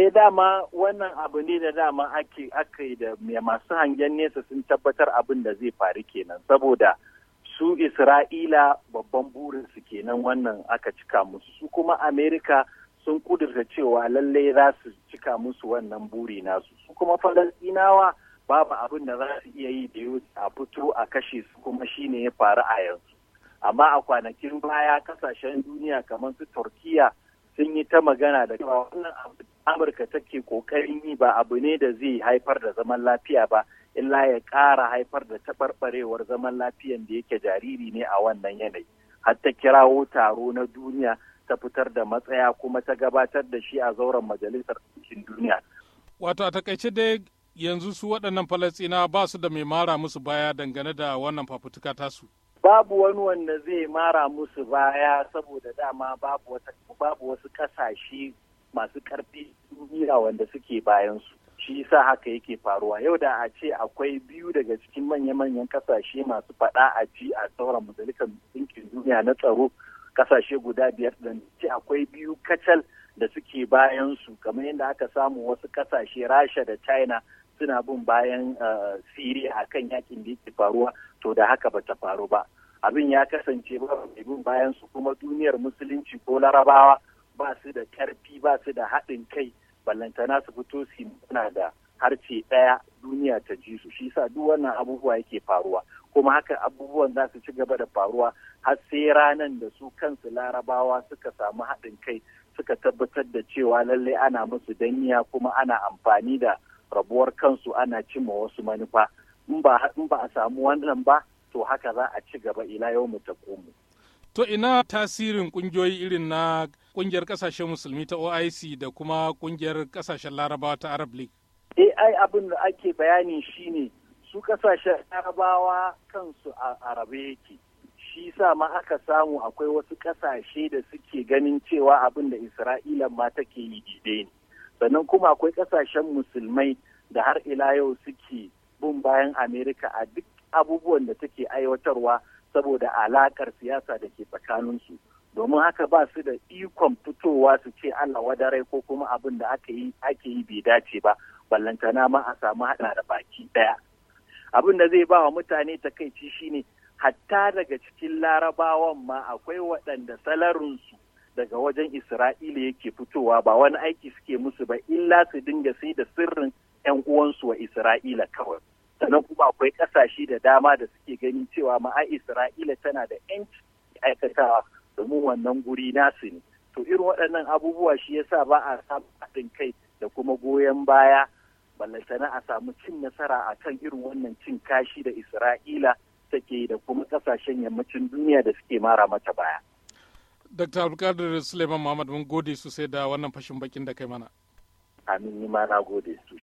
sai eh, dama wannan abu ne da dama ake aka yi da masu hangen nesa sun tabbatar abin da zai faru kenan saboda su isra'ila babban burinsu kenan wannan aka cika musu su kuma amerika sun kudurta cewa lallai za su cika musu wannan buri nasu su kuma falastinawa babu abin da za su iya yi da a fito a kashe su kuma shine ya faru a yanzu amma a kwanakin baya kasashen duniya kamar su turkiya sun yi ta magana da cewa wannan abu amurka take kokarin yi ba abu ne da zai haifar da zaman lafiya ba illa ya kara haifar da taɓarɓarewar zaman lafiyan da yake jariri ne a wannan yanayi har ta kirawo taro na duniya ta fitar da matsaya kuma ta gabatar da shi a zauren majalisar ɗinkin duniya wato a takaice dai yanzu su waɗannan falastina ba su da mai mara musu baya dangane da wannan fafutuka tasu babu wani wanda zai mara musu baya saboda dama babu wasu ƙasashe masu karfi mira wanda suke bayansu shi yasa haka yake faruwa yau da a ce akwai biyu daga cikin manya-manyan kasashe masu fada a ji a sauran majalisar ɗinkin duniya na tsaro kasashe guda biyar da ce akwai biyu kacal da suke bayansu kamar yadda aka samu wasu kasashe rasha da china suna bin bayan eh, a kan yakin da yake faruwa to da haka bata faru ba abin ya kasance ba bin bayan kuma duniyar musulunci ko larabawa ba su da karfi ba su da haɗin kai ballantana su fito su magana da harce ɗaya duniya ta ji su shi sa duk wannan abubuwa yake faruwa kuma haka abubuwan za su ci gaba da faruwa har sai ranan da su kansu larabawa suka samu haɗin kai suka tabbatar da cewa lallai ana musu danniya kuma ana amfani da rabuwar kansu ana cimma wasu manufa in ba a samu wannan ba to haka za a ci gaba ila yau mu ta To ina tasirin kungiyoyi irin na kungiyar kasashen musulmi ta OIC da kuma kungiyar kasashen larabawa ta Arab League? AI abin da ake bayani shine su kasashen larabawa kansu a arabe yake. Shi sa ma aka samu akwai wasu kasashe da suke ganin cewa abin da Isra'ila ma take yi daidai ne. Sannan kuma akwai kasashen musulmai da har ila yau suke bin bayan Amerika a duk abubuwan da take aiwatarwa saboda alakar siyasa da ke tsakaninsu domin haka ba su da ikon fitowa su ce Allah wadarai ko kuma abin da aka yi ake yi bai dace ba ballantana ma a samu hada da baki daya abin da zai ba wa mutane takaici shine hatta daga cikin larabawan ma akwai waɗanda salarinsu daga wajen isra'ila yake fitowa ba wani aiki suke musu ba illa su dinga sai da sirrin 'yan uwansu wa isra'ila kawai sannan kuma akwai kasashe da dama da suke ganin cewa ma'a isra'ila tana da yanci aikatawa domin wannan guri nasu ne to irin waɗannan abubuwa shi yasa ba a samun haɗin kai da kuma goyon baya ballantana a samu cin nasara a kan irin wannan cin kashi da isra'ila take da kuma ƙasashen yammacin duniya da suke mara mata baya. Dr. Abdulkadir Suleiman Muhammad mun gode sosai da wannan fashin bakin da kai mana. Amin ni ma na gode sosai.